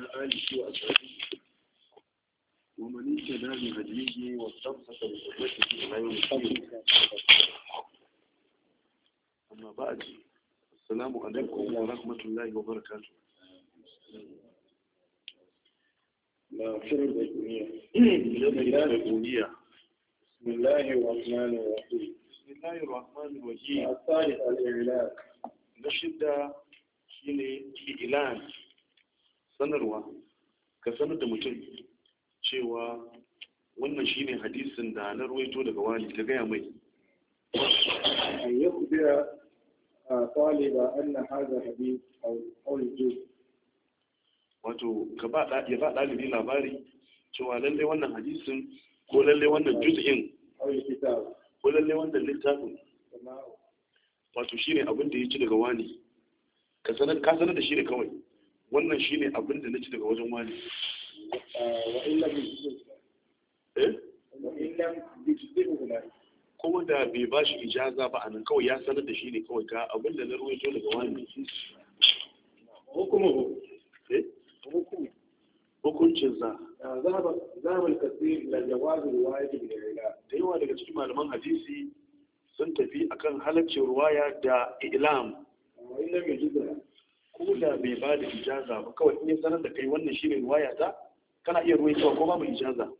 وعلى آله وأصحابه ومن اهتدى بهديه واستمسك بسنته إلى يوم الدين أما بعد السلام عليكم ورحمة الله وبركاته بسم الله الرحمن الرحيم بسم الله الرحمن الرحيم الثالث الإعلان نشد شيء إعلان sanarwa ka sanar da mutum cewa wannan shine hadisin da na ruwaito daga wani ta gaya mai eh, wato ka ba ya ba dalibi labari cewa lalle wannan hadisin ko lalle wannan juz'in ko lalle wannan littafin wato shine abin da ya ci daga wani ka sanar da shi ne kawai wannan shi ne abin da nace daga wajen wani eh, eh? kuma da bai ba shi ijaza ba anan kawai ya sanar da shi ne kawai ga abin da na ruwaito daga wani hukumu eh? hukumu hukuncin sa zahabal kasir ila da yawa daga cikin malaman hadisi sun tafi akan halaccin ruwaya da ilam ko da bai ba da ijaza ba kawai in yi sanar da kai wannan shi mai waya ta kana iya ruwai cewa ko babu ijaza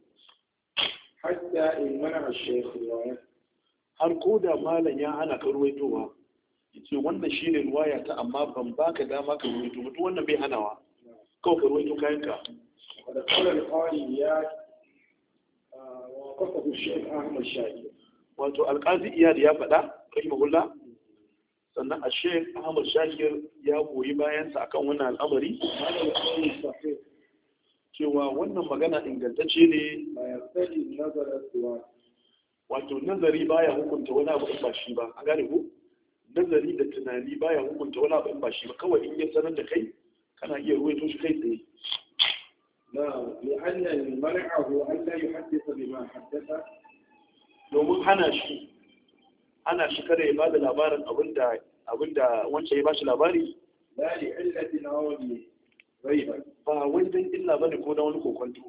hatta in mana shekhu waya har ko da malam ya hana ka ruwaitowa yace wannan shi ne waya ta amma ban ba ka dama ka ruwaito ba duk wannan bai hanawa kawai ka ruwaito kayan ka da kawai kawai ya ah, wa shekhu ahmad shaki wato alqazi iyad ya faɗa rahimahullah sannan a shek ahmad shakir ya goyi bayansa akan wannan al'amari cewa wannan magana ingantacce ne wato nazari baya hukunta wani abu in ba shi ba an gane ko nazari da tunani baya hukunta wani abu in ba shi ba kawai in ya sanar da kai kana iya to shi kai tsaye na'am li'anna man'ahu an la yuhaddisa bima haddatha domin hana shi ana shi kada ya bada labarin abinda abinda wancan ya bashi labari ba wai dan illa bane ko da wani kokonto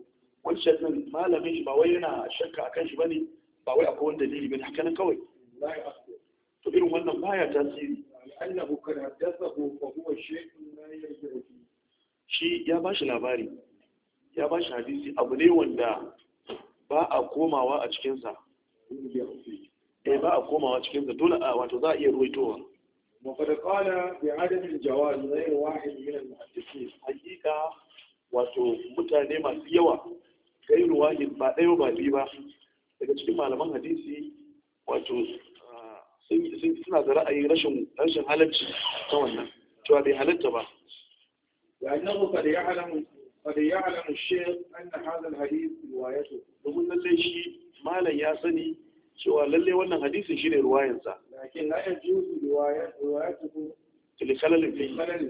wancan din malamin shi ba wai yana shakka akan shi bane ba wai akwai wani dalili bane haka nan kawai to irin wannan baya tasiri annahu kan haddathahu fa huwa shay'un la yarji'u shi ya bashi labari ya bashi hadisi abu ne wanda ba a komawa a cikinsa eh ba a komawa cikin da dole a wato za a iya ruwaitowa wa qad qala bi adam al-jawaz ghayr wahid min al-muhaddithin haqiqa wato mutane masu yawa ghayr wahid ba ɗaya ba biyu ba daga cikin malaman hadisi wato ah, sun suna da ra'ayi rashin rashin halacci ta wannan cewa bai halatta ba ya yi nahu ya halamu kada ya halamu shi an na hadin hadisi ya so shi malam ya sani cewa lalle wannan hadisin shine ruwayansa lakin la yajuzu riwayatuhu likalalin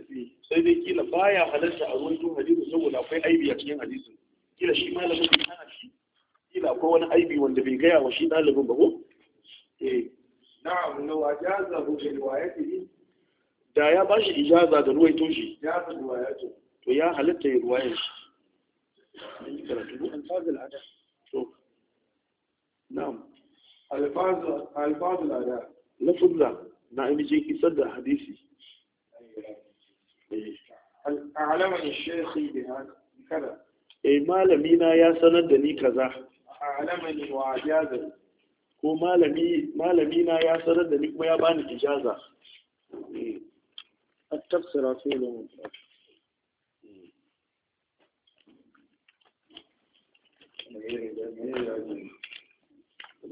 fi sai dai kila baya halarta a ruwan hadisin saboda akwai aibi a cikin hadisin kila shi malamin bai hana shi kila akwai wani aibi wanda bai gaya wa shi dalibin ba ko eh na'am na wajaza hu bi riwayatihi da ya bashi ijaza da ruwaito shi ya san riwayatu to ya halatta ya ruwayan shi an fazil ada to na'am الفاظ الفاضل هذا لفظ لا نعم حديثي أيوة. أعلمني الشيخ بهذا كذا إيه ما لمينا يا سند دني كذا أعلمني وعجازا هو ما لمي ما لمينا يا سند دني ما يبان إجازة إيه. التفسير فيه Yeah, yeah, yeah.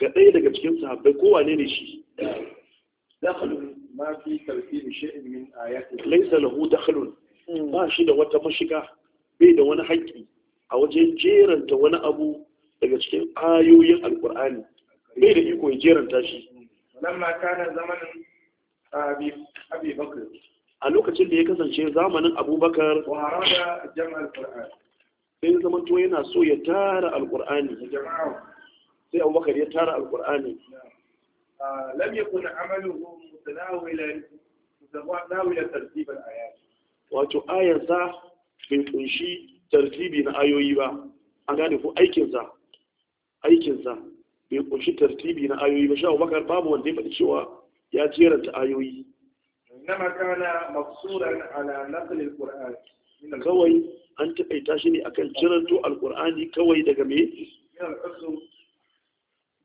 ga ɗaya daga cikin sahabbai ko wane ne shi dakhalun ma fi tartibi shi min ayati laysa lahu dakhalun ba shi da wata mashiga bai da wani haƙƙi a wajen jeranta wani abu daga cikin ayoyin alqur'ani bai da iko ya jeranta shi lamma kana zamanin Abubakar. a lokacin da ya kasance zamanin abubakar wa da jama'al qur'an sai zaman to yana so ya tara alqur'ani jama'a sai abubakar ya tara alkur'ani ah, lam yakun amaluhu mutanawila mutanawila tartib al-ayat wato ayansa bai kunshi tartibi na ayoyi ba an gane ko aikinsa bai kunshi tartibi na ayoyi ba sha abubakar babu wanda ya faɗi cewa ya jeranta ayoyi kawai an taƙaita shi ne akan jiranto alƙur'ani kawai daga me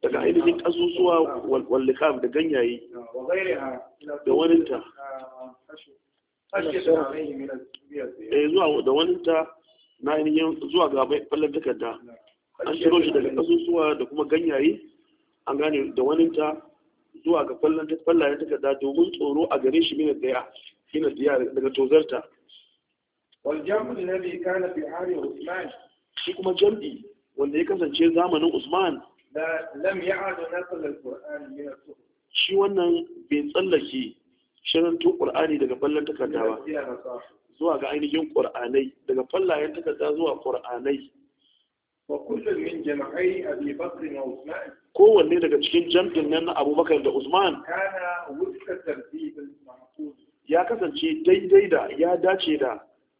daga ainihin ƙasusuwa wallakam da ganyaye da waninta eh zuwa da waninta na ainihin zuwa ga fallon takarda an shiro shi daga ƙasusuwa da kuma ganyaye an gane da waninta zuwa ga fallayen takarda domin tsoro a gare shi mina daya mina daya daga tozarta waljamu da kana fi hari usman shi kuma jam'i wanda ya kasance zamanin usman shi wannan bai tsallake shirinto Qur'ani daga ballan takarda ba zuwa ga ainihin ƙur'anai daga fallayen takarda zuwa ƙur'anai. kowanne daga cikin jam'in nan na Abubakar da Usman ya kasance daidai da ya dace da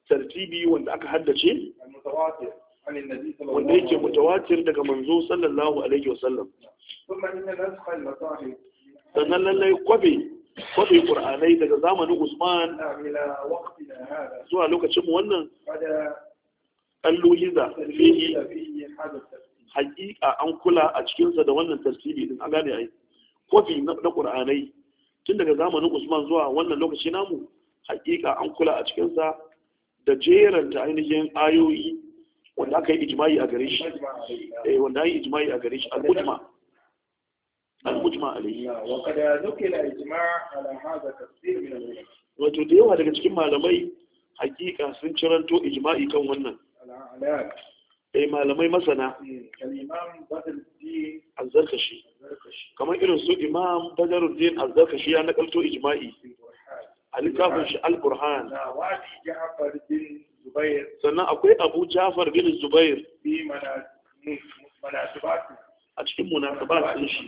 tartibi wanda aka haddace wanda yake mutawatir daga manzo sallallahu alaihi wasallam sannan lallai kwabe kwabe qur'anai daga zamanin Usman zuwa lokacin wannan alluhiza fihi haƙiƙa an kula a cikinsa da wannan tartibi din an gane ai kwafi na qur'anai tun daga zamanin Usman zuwa wannan lokaci namu haƙiƙa an kula a cikinsa da jeranta ainihin ayoyi wanda aka yi ijima'i a gare shi eh wanda yi ijima'i a gare shi al-mujma al-mujma alayhi wa qad nukila ijma' ala hadha tafsir min al-ulama wato da yawa daga cikin malamai hakika sun ciranto ijma'i kan wannan eh malamai masana eh, al-imam badruddin az-zarkashi kamar irin su imam badruddin az-zarkashi ya nakalto ijma'i al littafin shi al-burhan wa ali ja'far bin Zubair sannan akwai Abu Ja'far bin Zubair bi a cikin munasabat din shi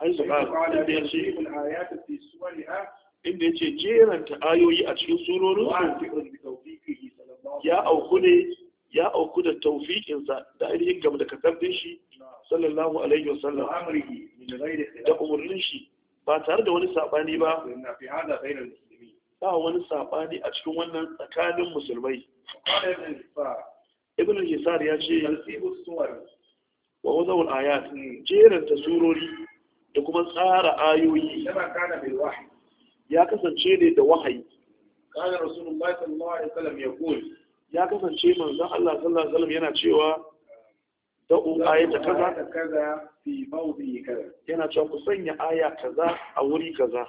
ai Zubair inda ya ce Inda ya ce jeranta ayoyi a cikin surorin ya auku ne ya auku da tawfiqin sa da ainihin gam da kasabin shi sallallahu alaihi wasallam da umarnin shi ba tare da wani sabani ba ba wani sabani a cikin wannan tsakanin musulmai ibn al-hisar ya ce wa wazawul ayat ta tasurori da kuma tsara ayoyi ya kasance ne da wahayi kana rasulullahi sallallahu alaihi wasallam yaqul ya kasance manzon Allah sallallahu alaihi wasallam yana cewa u ayata kaza kaza fi mawdi kaza yana cewa ku sanya aya kaza a wuri kaza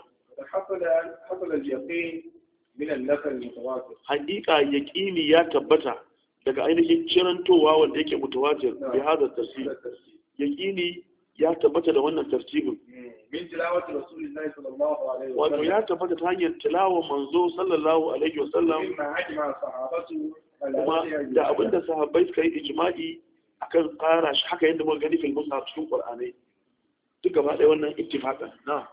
hakika yaƙini ya tabbata daga ainihin cirantowa wanda yake mutawatir bi hada tafsir yaqini ya tabbata da wannan tartibin min tilawati rasulillahi sallallahu alaihi wa sallam ya tabbata ta hanyar tilawa manzo sallallahu alaihi wa sallam kuma da abinda sahabbai suka yi ijma'i akan tsara shi haka yadda muka gani fil mushaf cikin qur'anai duk gaba ɗaya wannan ittifaqan na'am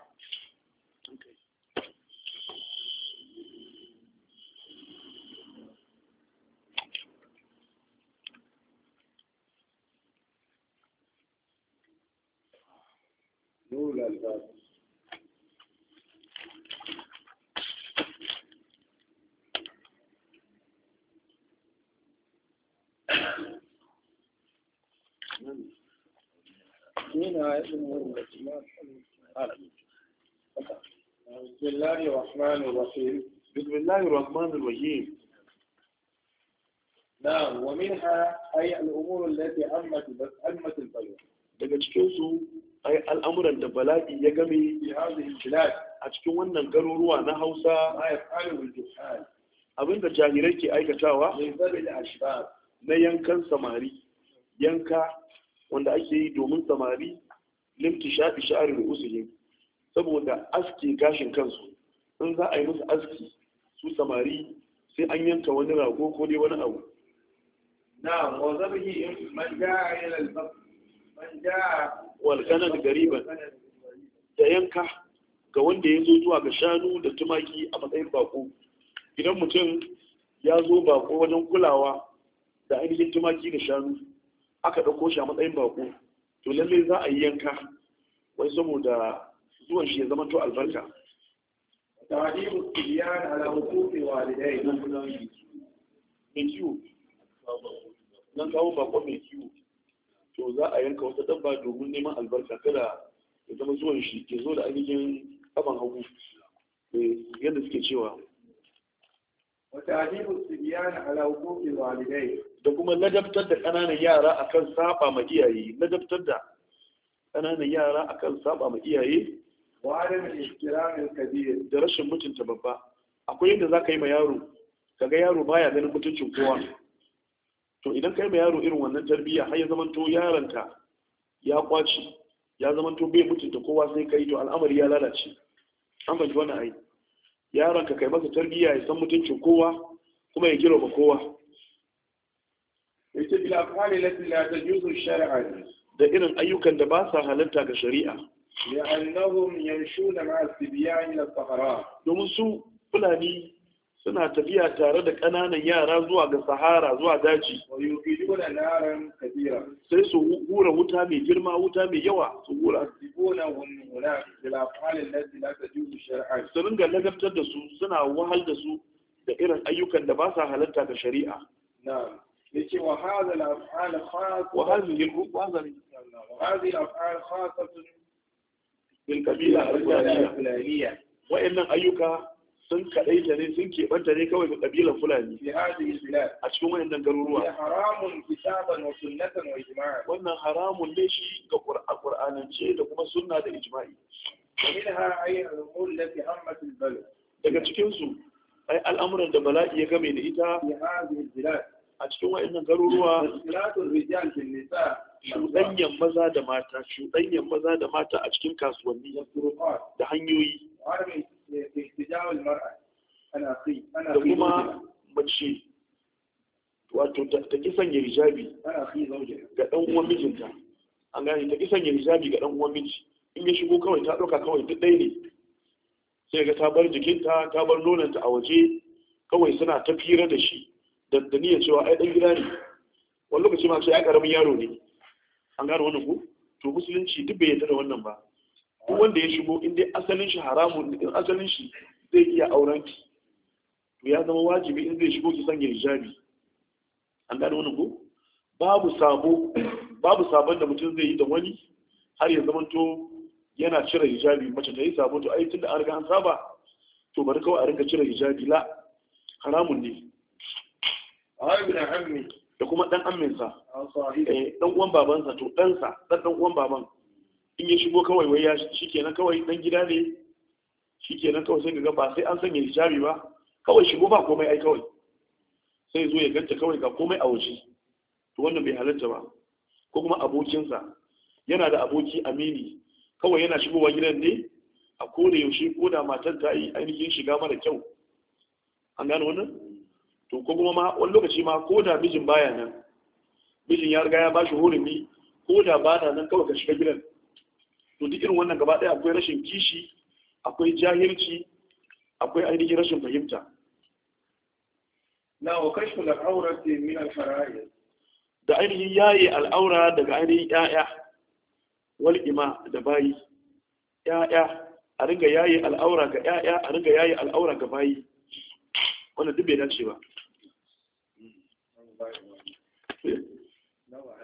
الله الرحمن الرحيم بسم الله الرحمن الرحيم نعم ومنها أي الأمور التي أمت أمت daga cikin su ai al'amuran da bala'i ya game a cikin wannan garuruwa na Hausa abinda jarirai ke aikatawa na yankan samari yanka wanda ake yi domin samari limti shaɗi sha'arin usulin saboda aske gashin kansu in za a yi musu aski su samari sai an yanka wani rago ko dai wani abu Na wa in man ja ila al man ja wal kanad gariban da yanka ga wanda ya zo zuwa ga shanu da tumaki a matsayin bako idan mutum ya zo bako wajen kulawa da ainihin tumaki da shanu aka ɗauko shi a matsayin bako to lallai za a yi yanka wai saboda zuwan shi ya zama to albarka تعليم الصبيان على حقوق والديه من ciwo nan kawo bakon mai kiwo. to za a yanka wata dabba domin neman albarka kada ya zama zuwan shi ke zo da ainihin kaban hagu eh, yadda suke cewa wata su biya ala hukuki walidai da kuma ladabtar da ƙananan yara akan saba ma iyaye ladabtar da ƙananan yara akan saba ma iyaye wa adam ihtiram kabir da rashin mutunta babba akwai yadda za ka yi ma yaro kaga yaro baya ganin mutuncin kowa to idan yi ma yaro irin wannan tarbiyya har ya to yaronka ya kwaci ya to bai mutunta kowa sai ka yi to al'amari ya lalace an fahimci wannan ai ka kai masa tarbiyya ya san mutuncin kowa kuma ya girma kowa yace bila afali lati la tajuzu shar'a da irin ayyukan da ba sa halatta ga shari'a لأنهم يمشون مع الصبيان إلى الصحراء domin su fulani suna tafiya tare da ƙananan yara zuwa ga sahara zuwa daji sai su hura wuta mai girma wuta mai yawa su hura su ringa lagartar da su suna wahal da su da irin ayyukan da ba sa halatta ga shari'a yake wa hadha wa bil kabila fulaniya wa'annan ayyuka sun kaɗaita ne sun keɓanta ne kawai ga ƙabilar fulani a cikin wa'annan garuruwa wannan haramun ne shi ga ƙur'anance da kuma sunna da ijma'i daga cikinsu ai al'amuran da bala'i ya game da ita a cikin wa'annan garuruwa cuɗanyan maza da mata cuɗanyan maza da mata a cikin kasuwanni da hanyoyi da kuma mace wato ta ƙi sanya rijabi ga ɗan uwan mijinta an gane ta ƙi sanya rijabi ga ɗan uwan miji in ya shigo kawai ta ɗauka kawai duk ɗaya ne sai ga ta bar jikinta ta bar nonanta a waje kawai suna ta fira da shi da ya cewa ai dan gida ne wani lokaci ma sai ya karamin yaro ne an gano wannan ku to musulunci duk bai yarda da wannan ba duk wanda ya shigo in dai asalin shi haramun in asalin shi zai iya auren ki to ya zama wajibi in zai shigo ki sanya hijabi an gano wannan ku babu sabo babu sabon da mutum zai yi da wani har ya zama to yana cire hijabi mace ta yi sabo to ai tunda an riga an saba to bari kawai a rinka cire hijabi la haramun ne da kuma dan amminsa eh, dan uwan babansa to ɗansa dan dan uwan baban in ya shigo kawai wai ya shikenan kawai dan gida ne shikenan kawai sai ga ba sai an sanya hijabi ba kawai shigo ba komai ai kawai sai zo ya ganta kawai ga komai a waje to wannan bai halatta ba ko kuma abokinsa yana da aboki amini kawai yana shigowa gidan ne a koda yaushe ko da matar ta yi ainihin shiga mara kyau an gano wannan to ko kuma ma wani lokaci ma ko da mijin baya nan mijin ya riga ya ba shi hurumi ko da ba ta nan kawai ka shiga gidan to duk irin wannan gaba ɗaya akwai rashin kishi akwai jahilci akwai ainihin rashin fahimta na wa kashfu al-awrati min al da ainihin yaye al'aura daga ainihin 'ya'ya wal ima da bayi Ya'ya a ringa yaye al'aura ga 'ya'ya, a ringa yaye al'aura ga bayi wannan duk bai dace ba بسم الله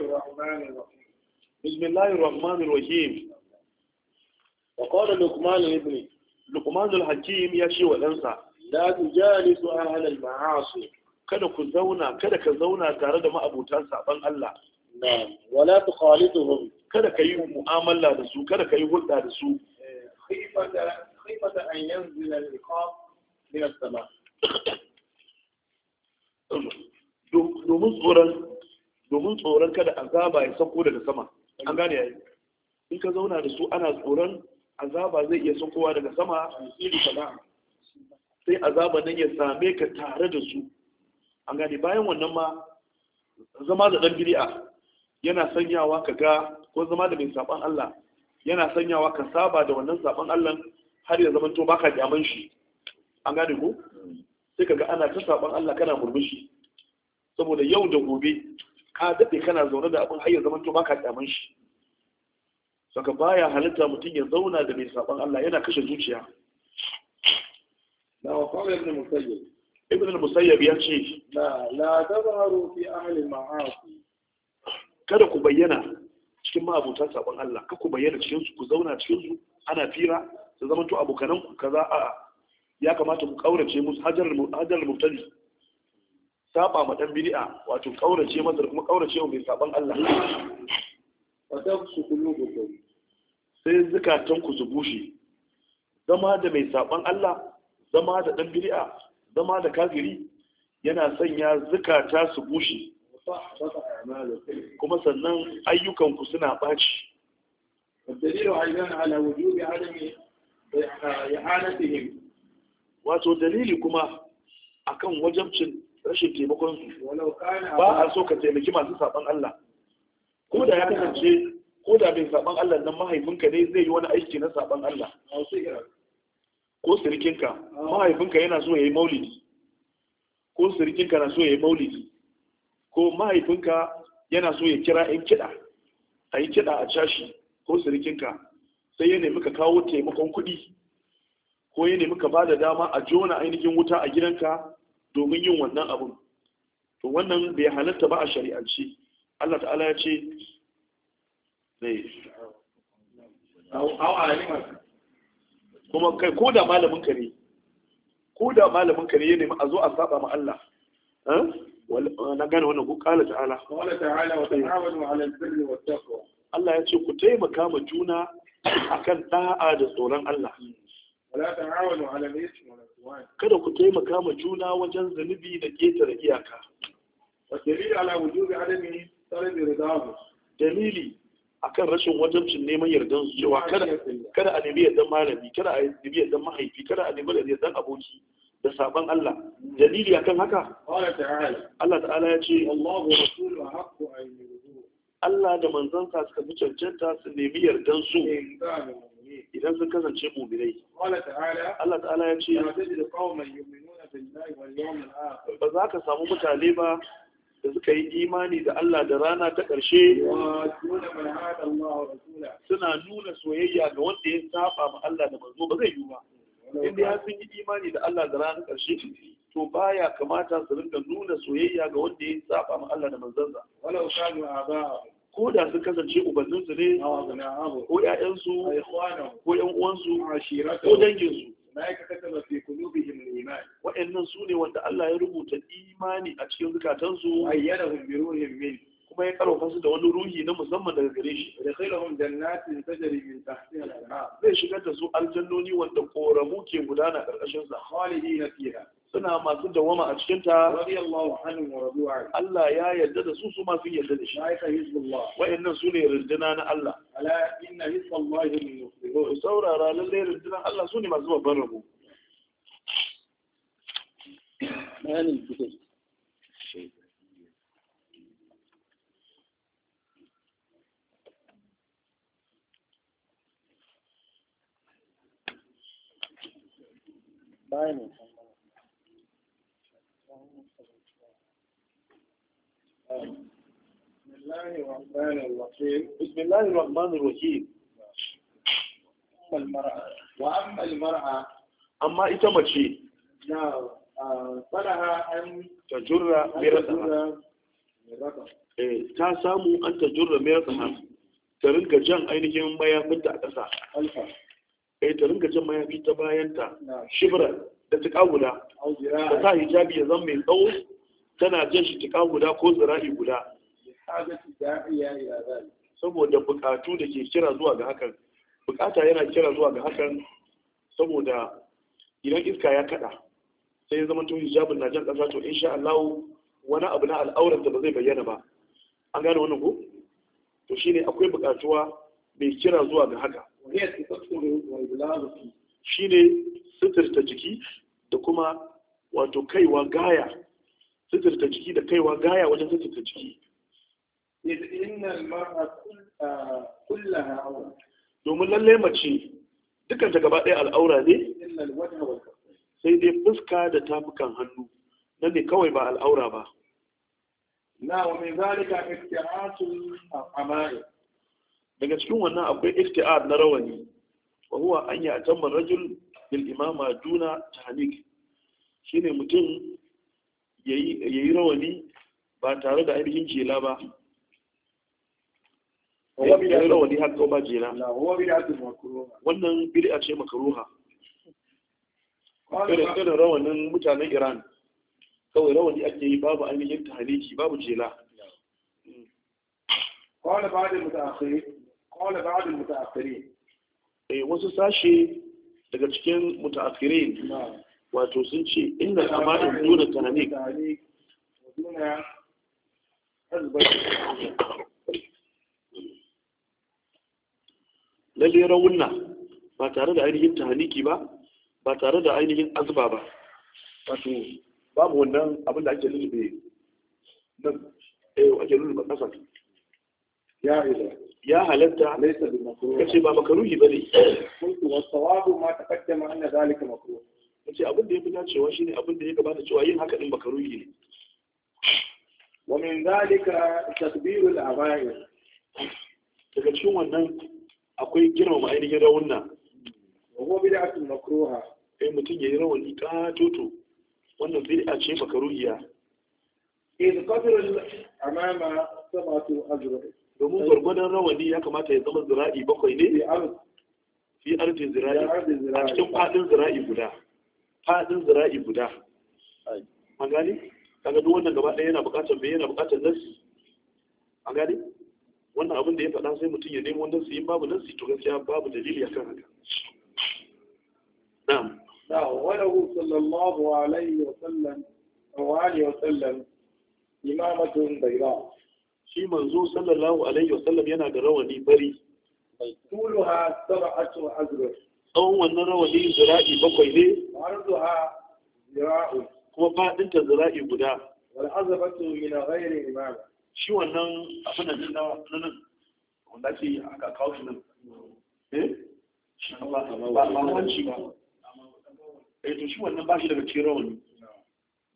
الرحمن الرحيم بسم الله الرحمن الرحيم وقال لقمان لابنه لقمان الحكيم يا شيخ ولنسى la tujalisu ahla al-ma'asi kada ku zauna kada ka zauna tare da ma'abutan saban Allah na'am wala tukhalituhum kada ka yi mu'amala da su kada ka yi hulɗa da su khifata an yanzila al-iqab min as-sama domin tsoron domin tsoron kada azaba ya sako daga sama an gane yayi in ka zauna da su ana tsoron azaba zai iya sakowa daga sama a cikin sana'a sai azaban nan ya same ka tare da su an gane bayan wannan ma zama da dan bid'a yana sanyawa ka ga ko zama da mai saban Allah yana sanyawa ka saba da wannan saban Allah har ya zama to baka kyaman shi an gane ko sai ka ga ana ta saban Allah kana murmushi saboda yau da gobe ka dade kana zaune da abin har ya zama to baka kyaman shi saka baya halitta mutum ya zauna da mai saban Allah yana kashe zuciya na wakawar ibn musayyib ibn musayyib ya ce kada ku bayyana cikin ma'abutan sabon Allah ka ku bayyana cikin su ku zauna cikin su ana fira su zama to abokanan ku kaza a ya kamata ku kaurace musu hajar hajar mutali saba ma dan bid'a wato kaurace masa kuma kaurace wa mai sabon Allah fa su kulubukum sai zukatan ku su bushe zama da mai sabon Allah zama da ɗan biri'a zama da kafiri yana sanya zukata su bushe kuma sannan ayyukanku suna ɓaci eh, wato dalili kuma akan wajabcin rashin taimakon su ba a so ka taimaki masu saban Allah ko da ya kasance ko da bai saban Allah nan mahaifinka ne zai yi wani aiki na saban Allah ko sirikinka mahaifinka yana so ya yi maulidi ko sirikinka na so ya yi maulidi ko mahaifinka yana so ya kira in kiɗa a yi kiɗa a cashi ko sirikinka sai ya nemi ka kawo taimakon kuɗi ko ya nemi ka ba da dama a jona ainihin wuta a gidanka domin yin wannan abun to wannan bai halatta ba a shari'ance Allah ta'ala ya ce kuma kai ko da malamin ka ne ko da malamin ka ne ya nemi a zo a saba ma Allah eh? na gane wannan ku kala ta'ala qala ta'ala wa ta'awanu 'ala al-birri wa Allah ya ce ku taimaka ma juna akan da'a da tsoron Allah wala ta'awanu 'ala al-ithmi wal 'udwan kada ku taimaka ma juna wajen zanubi da ketare iyaka wa dalil ala wujubi adami tarbi ridahu dalili akan rashin wajabcin neman yardan su cewa kada a nemi yardan malami kada a nemi yardan mahaifi kada a nemi yardan aboki da sabon Allah dalili akan haka Allah ta'ala ya ce Allah da manzansa suka fi cancanta su nemi yardan su eh, idan sun kasance muminai Allah ta'ala ya ce ba za ka samu mutane ba da suka yi imani da Allah da rana ta ƙarshe suna nuna soyayya ga wanda ya saba ma Allah da manzo ba zai yi ba inda ya sun yi imani da Allah da rana ƙarshe to baya kamata su rinka nuna soyayya ga wanda ya saba ma Allah da manzansa walau ko da sun kasance ubanninsu ne ko ƴaƴansu ko ƴan uwansu ko danginsu ulaika kataba fi qulubihim al-iman wa'annan sune wanda Allah ya rubuta imani a cikin zukatansu ayyadahum bi ruhin min kuma ya karfafa su da wani ruhi na musamman daga gare shi da khairahum jannatin tajri min tahtiha al zai shigar da su aljannoni wanda koramu ke gudana karkashin sa khalidina fiha suna masu dawama a cikin ta radiyallahu anhu wa radu Allah ya yarda da su su ma yarda da shi aika hizbullah wayannan sune rinduna na Allah ala inna hizballahi min yuflihun saurara lalle rindunan Allah sune masu babban rabo bayanin fitai bayanin بسم الله الرحمن ta samu an ta jurra mai ta rinka jan ainihin mayafinta a ƙasa eh ta ringa mayafi ta bayanta shibra da tuka guda ta hijabi ya zama mai tsawo tana jan shi tuka guda ko zira'i guda saboda bukatu da ke kira zuwa ga hakan bukata yana kira zuwa ga hakan saboda idan iska ya kada sai ya zama to hijabin na jan kasa to insha Allah wani abu na al'aurar da ba zai bayyana ba an gane wannan ko to shine akwai bukatuwa mai kira zuwa ga haka da ta shi ne suturta jiki da kuma wato kaiwa gaya suturta jiki da kaiwa gaya wajen suturta jiki domin lallai mace dukkan ta gaba ɗaya al'aura ne sai dai fuska da tafukan hannu nan ne kawai ba al'aura ba na wa mai zalika isti'atul amai daga cikin wannan akwai iftiar na rawani wa huwa an ya tamma rajul bil imama duna tahnik shine mutum yayi yayi rawani ba tare da ainihin jela ba da rawani har ko ba jela wannan bid'a ce makruha irin rawanin mutanen iran kawai rawani ake yi babu ainihin tahaniki babu jela قال بعض المتأخرين qala ba'd al-muta'akhirin eh wasu sashe daga cikin muta'akhirin wato sun ce inda kamarin dole tananik lalle rawunna ba tare da ainihin tahaniki ba ba tare da ainihin azba ba wato babu wannan abin da ake lulluɓe nan eh ake lulluɓe ƙasa ya halatta laisa bi makruh kace ba makruhi bane kuntu wasawabu ma taqaddama anna zalika makruh kace abin da yafi dacewa shine abin da ya gabata cewa yin haka din makruhi ne wa min zalika takbiru al-aghayir daga cikin wannan akwai girmama ainihin rawun rawunna wa huwa bid'atun makruha kai eh, mutum ya yi yayi rawani toto, wannan bid'a ce makruhiya إذ قدر الأمام سبعة أزرق domin gwargwadon rawani ya kamata ya zama zira'i bakwai ne fi arjin zira'i a cikin fadin zira'i guda fadin zira'i guda an gani kaga duk wannan gaba ɗaya yana buƙatar me yana buƙatar nasi an gani wannan abin da ya faɗa sai mutum ya nemo nasi yin babu nasi to gaskiya babu dalili akan haka na'am na walahu sallallahu alaihi wa sallam wa alihi wa sallam imamatun bayra shi manzo sallallahu alaihi wasallam yana da rawani bari mai tuluha sab'atu azra tsawon wannan rawani zira'i bakwai ne arduha zira'u kuma fadin ta zira'i guda wal azabatu min ghairi imam shi wannan abin da na nan wanda ke aka kawo shi nan eh shi ba ba wanci ba eh to shi wannan ba shi daga cikin rawani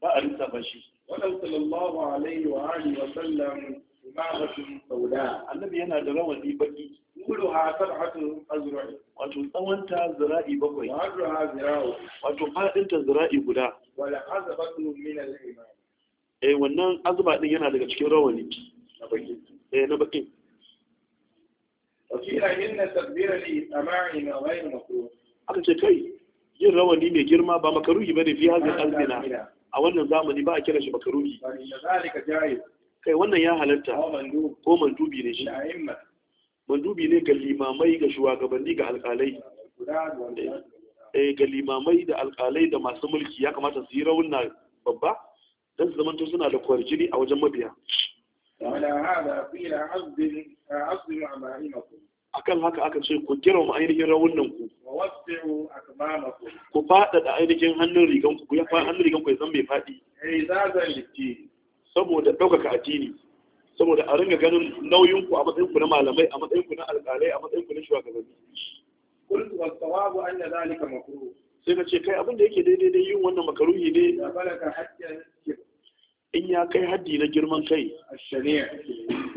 ba a rinsa ba shi wannan sallallahu alaihi wa alihi wa sallam imamatun sauda annabi yana da rawani baki kullu ha sab'atu azra'i wato tsawanta zira'i bakwai wa ha zira'u wato fadin ta zira'i guda wala azabatu min al-iman eh wannan azba din yana daga cikin rawani na baki eh na baki wakila inna tadbira li ama'ina ghayr makruh aka ce kai yin rawani mai girma ba makaruhi bane fi hazin azmina a wannan zamani ba a kira shi makaruhi kai eh, wannan ya halatta ko mandubi ne shi mandubi ne ga limamai ga shugabanni ga alkalai eh, ga limamai da alkalai da masu mulki ya kamata su yi na babba don zaman to suna da kwarjini a wajen mabiya akan haka aka ce ku mu ainihin rawunan ku ku faɗaɗa ainihin hannun rigan ku ya hannun rigan ku ya zan mai faɗi eh, saboda ɗaukaka addini saboda a ringa ganin nauyin ku a matsayin ku na malamai a matsayin ku na alƙalai a matsayin ku na shugabanni kuntu wasawabu anna zalika makruh sai ka ce kai abin da yake daidai dai yin wannan makaruhi ne in ya kai haddi na girman kai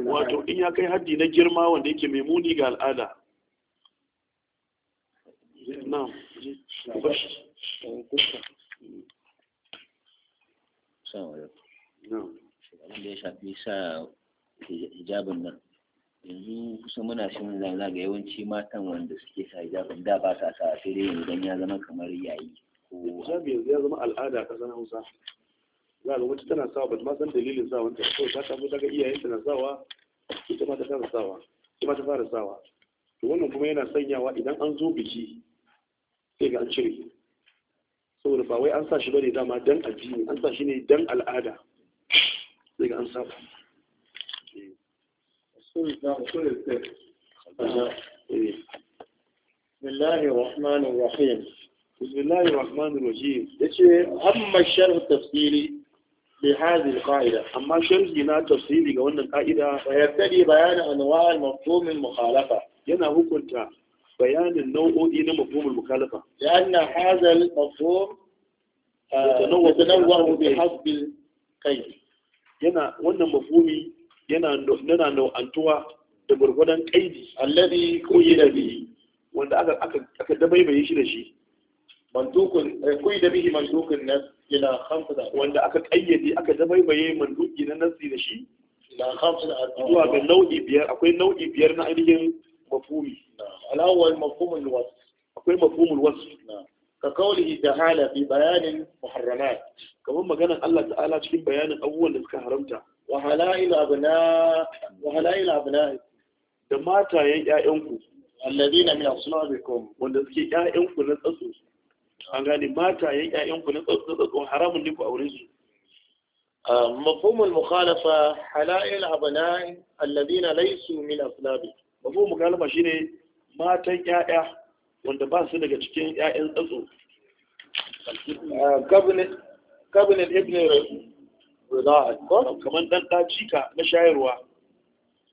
wato in ya kai haddi na girma wanda yake mai muni ga al'ada na'am abin da ya shafi sa hijabin nan yanzu kusa muna shin zaga ga yawanci matan wanda suke sa hijabin da ba sa sa sai dai don ya zama kamar yayi hijabi yanzu ya zama al'ada a ƙasar Hausa za ga wata tana sawa ba san dalilin sa wanda ko ta samu daga iyayen ta na sawa ita ma ta fara sawa ita ma ta fara sawa to wannan kuma yana sanyawa idan an zo biki sai ga an cire saboda ba wai an sa shi bane dama dan addini an sa shi ne dan al'ada sai ga an saba بسم الله الرحمن الرحيم بسم الله الرحمن الرحيم يجي أما الشرح التفسيري لهذه القاعدة أما شرحنا تفسيري قولنا القاعدة فيبتدي بيان أنواع المفهوم المخالفة ينا هو كنت بيان النوع إلى مفهوم المخالفة لأن هذا المفهوم يتنوع بحسب القيد yana wannan mafumi yana yana nau'antuwa da gurgudan kaidi yi da bihi wanda aka aka dabaibaye shi da shi mandukun eh, kuyida bihi mandukun nas ila khamsa wanda aka kayyade aka dabaibaye manduki na nasi da shi ila khamsa zuwa ga nau'i biyar akwai nau'i biyar na ainihin mafumi, alawal mafhumul wasf akwai mafhumul wasf ka kawali ta'ala fi bayanin muharramat kamar maganar Allah ta'ala cikin bayanin abubuwan da suka haramta wa halail abna wa halail abna da matayen ƴaƴanku alladina min aslabikum wanda suke ƴaƴanku na tsatsu an gani matayen ƴaƴanku na tsatsu haramun ne ku aure su مفهوم المخالفة حلائل أبناء الذين min من أصلابه مفهوم المخالفة shine matan تنيا wanda ba su daga cikin ‘ya'yan tsatso eh, kabinet ibn rizal kamar ɗan ɗacika na shayarwa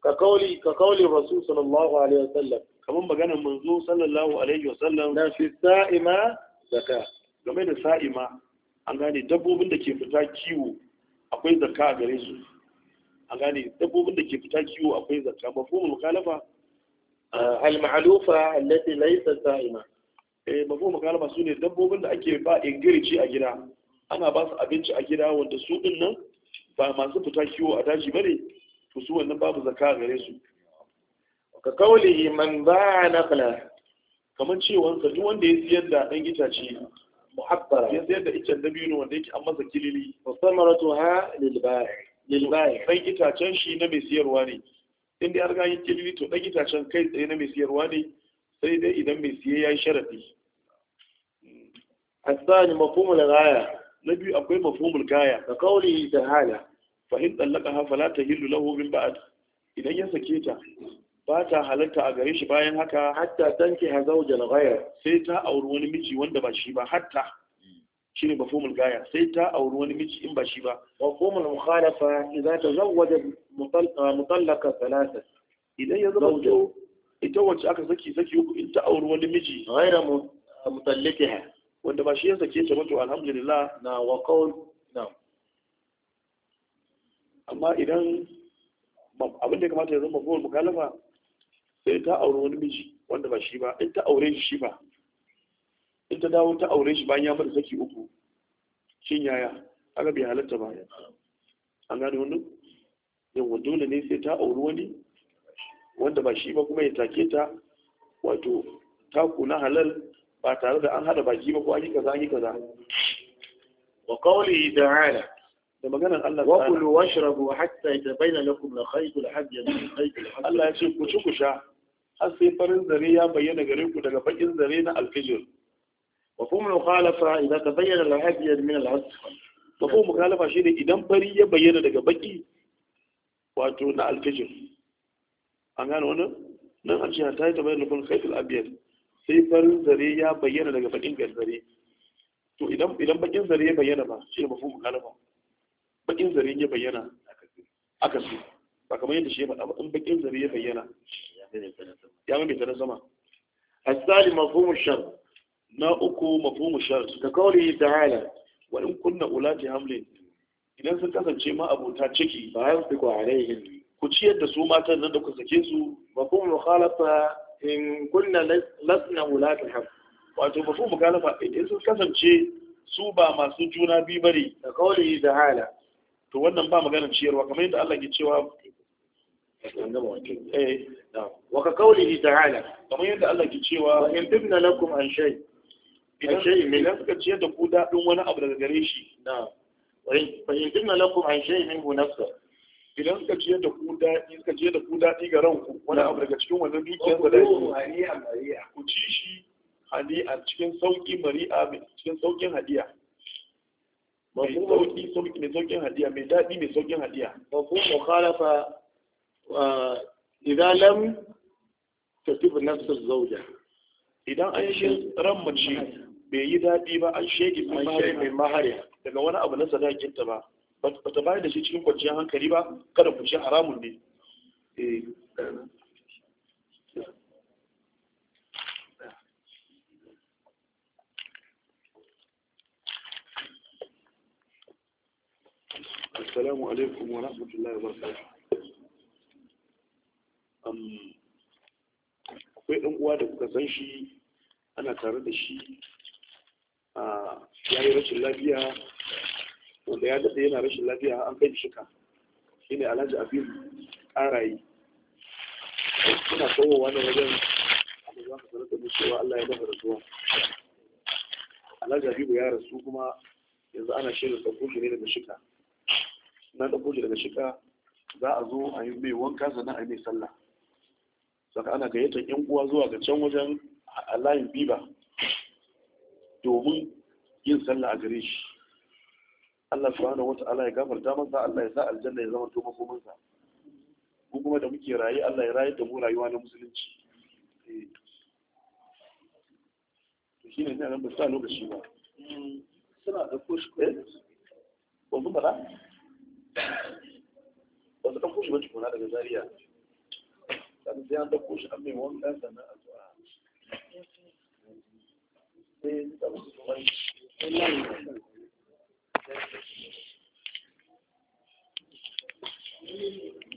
ka kauli ka kauli rasu sallallahu alaihi wasallam kamar maganar manzo sallallahu alaihi wasallam na fi sa'ima zaka game da sa'ima an gane dabbobin da ke fita kiwo akwai zaka a gare su an gane dabbobin da ke fita kiwo akwai zaka mafhumul mukhalafa al-ma'lufa allati laysa sa'ima eh mafu makalma sune dabbobin da ake ba ingirici a gida ana ba su abinci a gida wanda su din nan ba masu fita kiwo a daji bane to su wannan babu zakka gare su ka kauli man ba'a naqla kamar cewa sa duk wanda ya siyar da dan gitace muhabbara ya siyar da icen dabino wanda yake an masa kilili fa samaratuha lil ba'i lil ba'i fa itacen shi na mai siyarwa ne in da ya riga yin kilili to ɗan itacen kai tsaye na mai siyarwa ne sai dai idan mai siye ya yi sharafi الثاني مفهوم الغاية نبي أقول مفهوم الغاية كقوله ta فإن طلقها فلا ba'ad idan ya sake ta ba ta halarta a gare shi bayan haka hatta tanki ha zaujan ghayr sai ta auri wani miji wanda ba shi ba hatta shine mafhumul gaya sai ta auri wani miji in ba shi ba mafhumul mukhalafa ta tazawwaja ah, mutallaka thalatha idan ya zama to ita wacce aka saki saki uku in ta auri wani miji ghaira mutallaqiha wanda ba shi ya sake ta mutu alhamdulillah na wa qaul na amma idan abin da ya kamata ya zama mafhumul mukhalafa sai ta auri wani miji wanda ba shi ba in ta aure shi ba ta dawo ta aure shi bayan ya mata saki uku shin yaya aka bi halatta ba an gane wannan yawa dole ne sai ta auri wani wanda ba shi ba kuma ya take ta wato taku na halal ba tare da an hada baki ba ko an yi kaza an yi kaza wa qawlihi ta'ala da maganar Allah wa kulu washrabu hatta yatabayyana lakum la khayt al-habyad min khayt al-habyad Allah ya ce ku ci ku sha har sai farin zare ya bayyana gare ku daga bakin zare na alfijir وقوم مخالفة إذا تبين الأبيض من الأصفر وقوم مخالفة شيء إذا بري يبين لك بكي wato na alfijir an gano wani nan an ce ta yi ta bayan lukun kaifil sai farin zare ya bayyana daga bakin to idan bakin zare ya bayyana ba shi ne mafi mukalafa bakin zare ya bayyana aka su ba kamar yadda shi ba in bakin zare ya bayyana ya mai tana sama asali mafhumu shar na uku mafhumu shart kawai yi ta'ala wa in kunna ulati hamlin idan sun kasance ma abota ciki ba ya fi ku alaihin ku ciyar da su matan nan da ku sake su mafhumu mukhalafa in kunna lasna ulati hamlin wato mafhumu mukhalafa idan sun kasance su ba masu juna biyu bane ka yi ta'ala to wannan ba magana ciyarwa kamar yadda Allah ke cewa eh. Eh. wa ka kaulihi ta'ala kamar yadda Allah ke cewa in tibna lakum an shay idan suka ciyar da ku daɗin wani abu daga gare shi fahimtar na lakum an shayi min hu idan suka ciyar da ku daɗi suka ciyar da ku daɗi ga ranku wani abu daga cikin wannan dukiyar da daɗi ku ci shi a cikin sauƙi mari'a cikin sauƙin hadiya mai sauƙi sauƙi mai sauƙin hadiya mai daɗi mai sauƙin hadiya ba ku mukhalafa idan lam tatib nafsa zawja idan an shi ran mace bai yi daɗi ba an shege min mahariya daga wani abu na sadakinta ba ba ta bayar da shi cikin kwanciyar hankali ba kada ku ci haramun ne eh. Assalamu alaikum wa rahmatullahi wa barakatuh. Um, akwai ɗan uwa da kuka san shi ana tare da shi ya yi rashin lafiya wanda ya daɗe yana rashin lafiya an kai shika shi ne alhaji abin ƙarayi suna kawowa na wajen abin za ka sanar da mu cewa allah ya dafa zuwa. alhaji habibu ya rasu kuma yanzu ana shirin ɗauko shi ne daga shika na ɗauko shi daga shika za a zo a yi mai wanka sannan a yi mai sallah saka ana gayyatar yan uwa zuwa ga can wajen a layin biba domin yin sallah a gare shi Allah subhanahu ta'ala ya gafarta masa Allah ya sa aljanna ya zama to makomin sa ko kuma da muke raye Allah ya rayar da mu rayuwa na musulunci eh. to shine ne nan ba sa lokaci ba mm, suna da kush ko eh? wanzu ba ba su da shi ba kuma daga Zariya. sannan sai an ɗauko shi an mai wani ɗan sannan a zuwa Thank you.